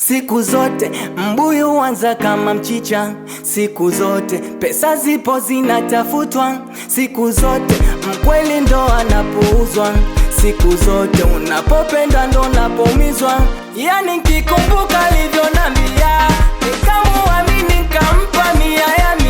Siku zote mbuyu wanza kama mchicha, siku zote pesa zipo zinatafutwa, siku zote mkweli ndo anapuuzwa, siku zote unapopenda ndo unapoumizwa. Yani nkikumbuka alivyonambia, nikamuamini, nikampa mia mia.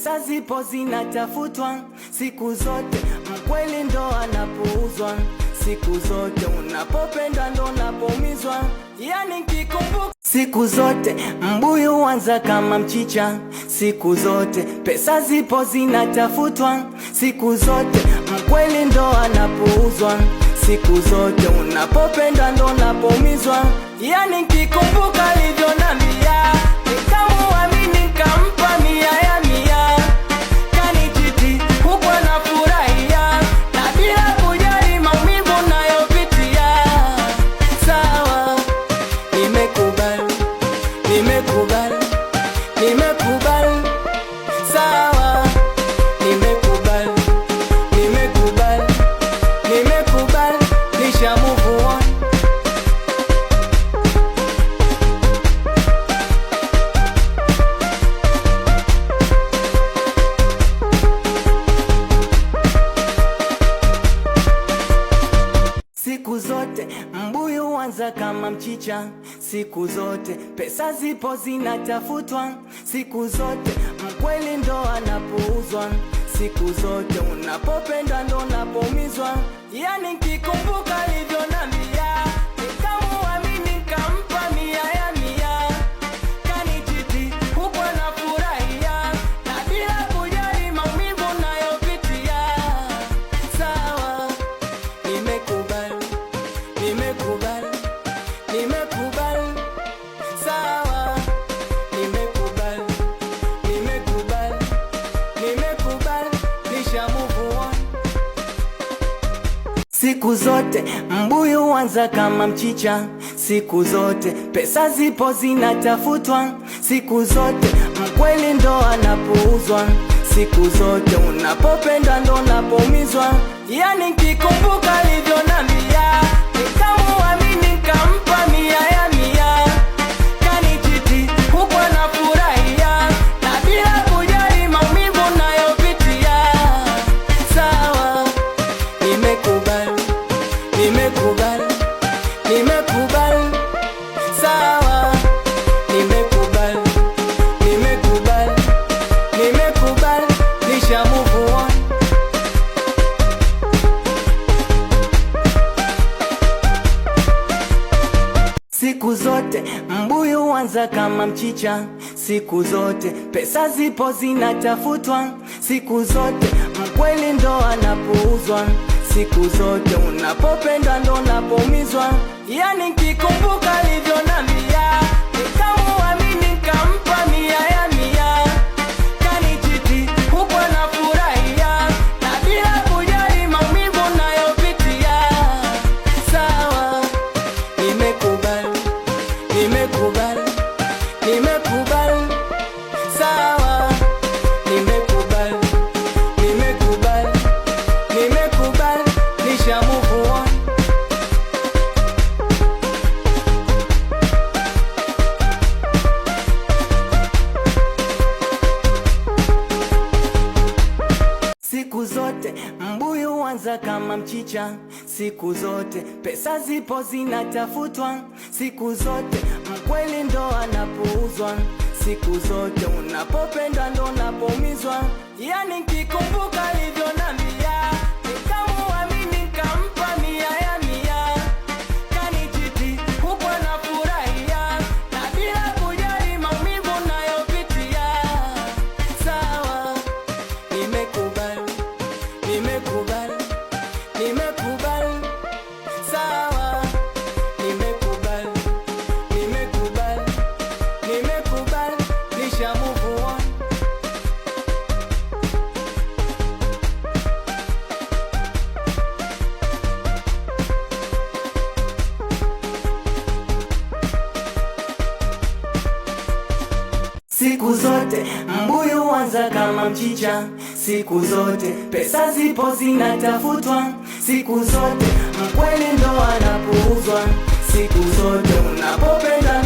Pesa zipo zinatafutwa siku zote, mkweli ndo anapouzwa siku zote, unapopenda ndo unapoumizwa, yani kikumbuka siku zote, mbuyu wanza kama mchicha siku zote, pesa zipo zinatafutwa siku zote, mkweli ndo anapuuzwa siku zote, unapopenda ndo unapoumizwa, yani kikumbuka livyo na mia zipo zinatafutwa siku zote, mkweli ndo anapouzwa siku zote, unapopenda ndo unapoumizwa, yani kikumbuka siku zote, mbuyu wanza kama mchicha siku zote, pesa zipo zinatafutwa siku zote, mkweli ndo anapuuzwa siku zote, unapopenda ndo unapoumizwa. Yani kikumbuka livyo nami kucha, siku zote pesa zipo zinatafutwa, siku zote mkweli ndo anapuuzwa, siku zote unapopendwa ndo unapoumizwa, yani kikumbuka livyo na miaka Siku zote mbuyu wanza kama mchicha, siku zote pesa zipo zinatafutwa, siku zote mkweli ndo anapouzwa siku zote unapopenda ndo unapoumizwa, yani kikumbuka siku zote mbuyu wanza kama mchicha, siku zote pesa zipo zinatafutwa, siku zote mkweli ndo anapuuzwa, siku zote unapopenda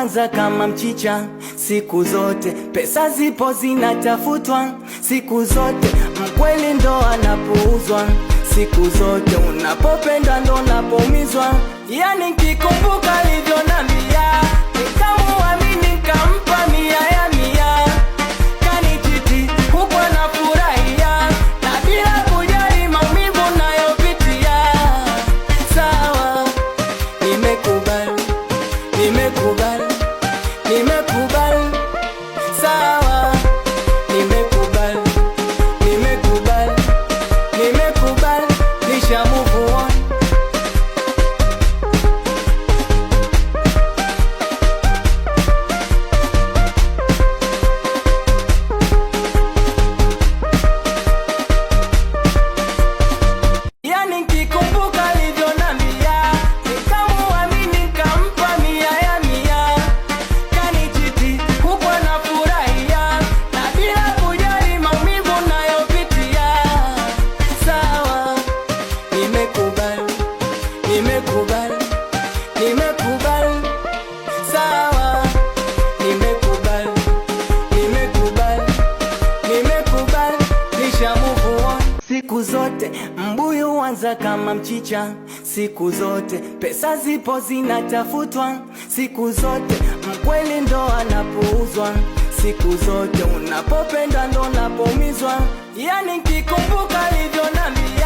kwanza kama mchicha siku zote, pesa zipo zinatafutwa siku zote, mkweli ndo anapuuzwa siku zote, unapopenda ndo unapoumizwa, yani kikumbuka zote mbuyu wanza kama mchicha, siku zote pesa zipo zinatafutwa, siku zote mkweli ndo anapouzwa siku zote unapopenda ndo unapoumizwa, yani kikumbuka livyo nami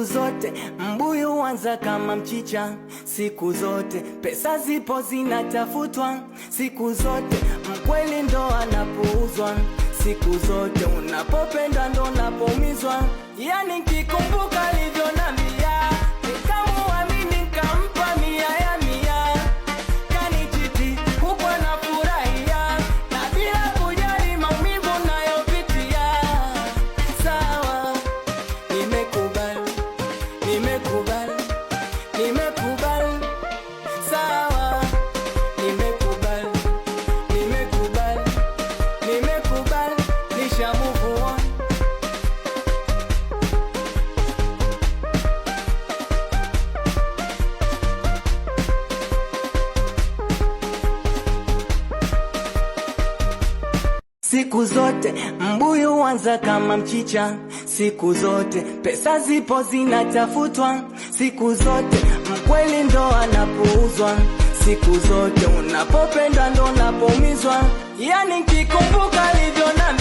siku zote mbuyu wanza kama mchicha, siku zote pesa zipo zinatafutwa, siku zote mkweli ndo anapuuzwa, siku zote unapopenda ndo unapoumizwa, yani kikumbuka siku zote, mbuyu wanza kama mchicha siku zote, pesa zipo zinatafutwa siku zote, mkweli ndo anapuuzwa siku zote, unapopenda ndo unapomizwa Yani kikumbuka livyo na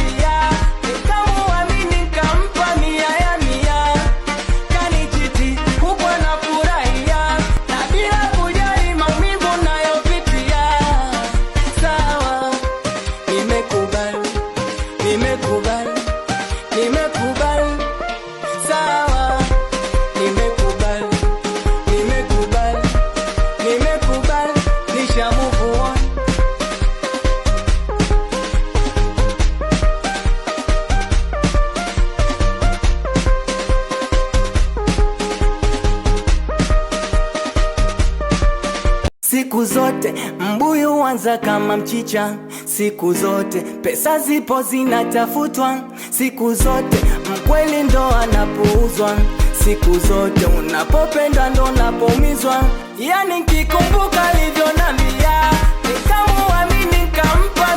Siku zote mbuyu wanza kama mchicha, siku zote pesa zipo zinatafutwa, siku zote mkweli ndo anapuuzwa, siku zote unapopenda ndo unapoumizwa. Yani nikikumbuka livyo namia nikamuamini nikampa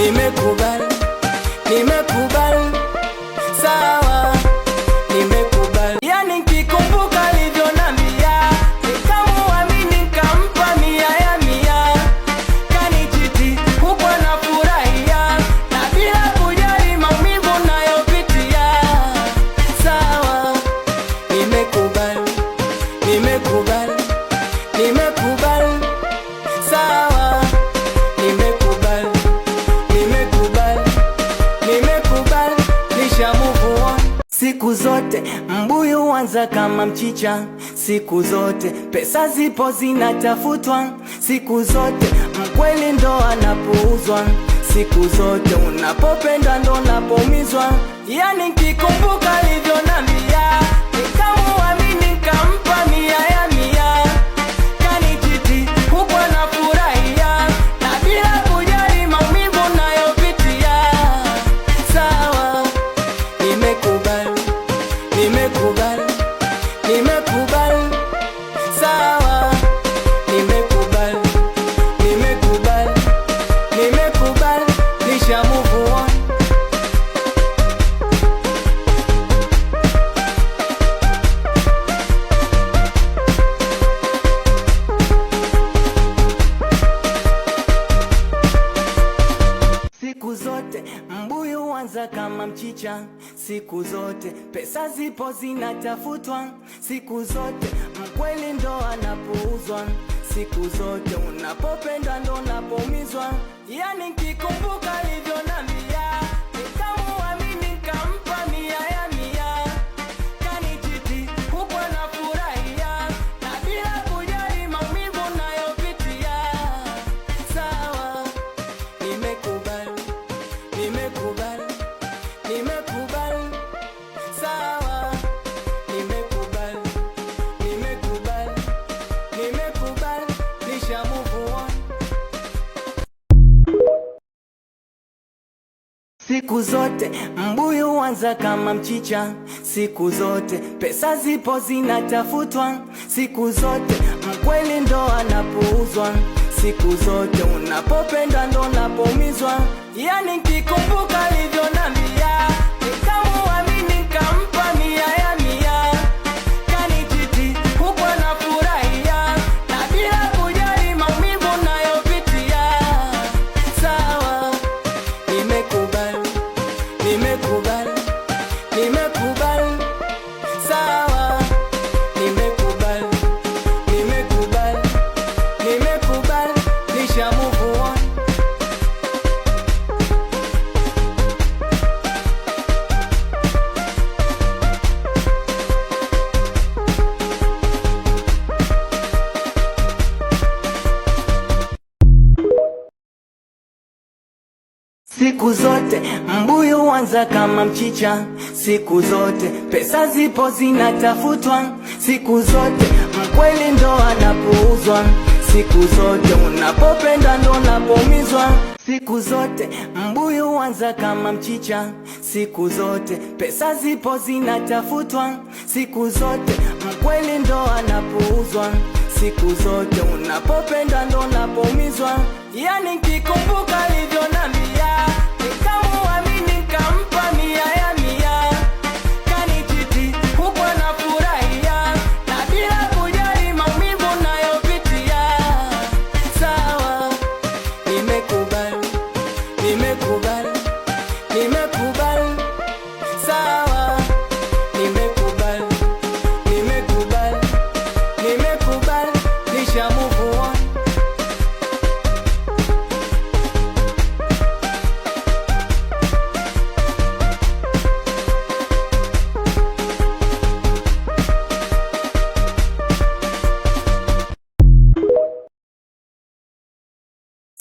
nimekubali, nimekubali siku zote mbuyu wanza kama mchicha, siku zote pesa zipo zinatafutwa, siku zote mkweli ndo anapuuzwa, siku zote unapopenda ndo unapoumizwa. Yani kikumbuka livyo na mia Pesa zipo zinatafutwa siku zote, mkweli ndo anapouzwa siku zote. Unapopenda ndo unapoumizwa, yani kikumbuka hivyo Siku zote mbuyu wanza kama mchicha, siku zote pesa zipo zinatafutwa, siku zote mkweli ndo anapuuzwa, siku zote unapopenda ndo unapoumizwa. Yani kikumbuka livyo nambia Siku zote mbuyu wanza kama mchicha, siku zote pesa zipo zinatafutwa, siku zote mkweli ndo anapuuzwa, siku zote unapopenda ndo unapomizwa. siku zote mbuyu wanza kama mchicha, siku zote pesa zipo zinatafutwa, siku zote mkweli ndo anapuuzwa, siku zote unapopenda ndo unapomizwa, yani kikumbuka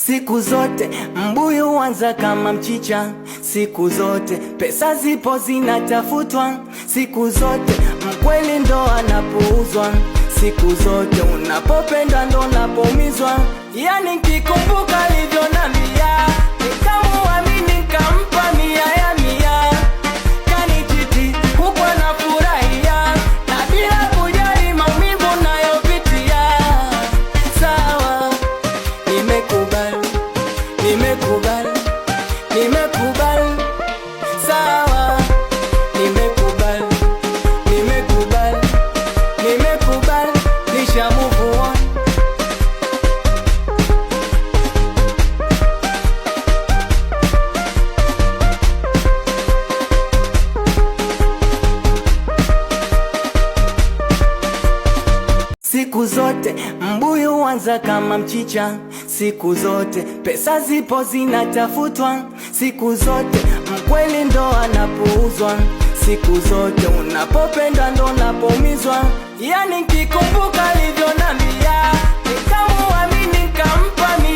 Siku zote mbuyu wanza kama mchicha, siku zote pesa zipo zinatafutwa, siku zote mkweli ndo anapuuzwa, siku zote unapopenda ndo unapoumizwa. Yani kikumbuka livyo na mia Siku zote mbuyu wanza kama mchicha, siku zote pesa zipo zinatafutwa, siku zote mkweli ndo anapuuzwa, siku zote unapopendwa ndo unapoumizwa. Yani nikikumbuka alivyo nambia, nikamuamini kampani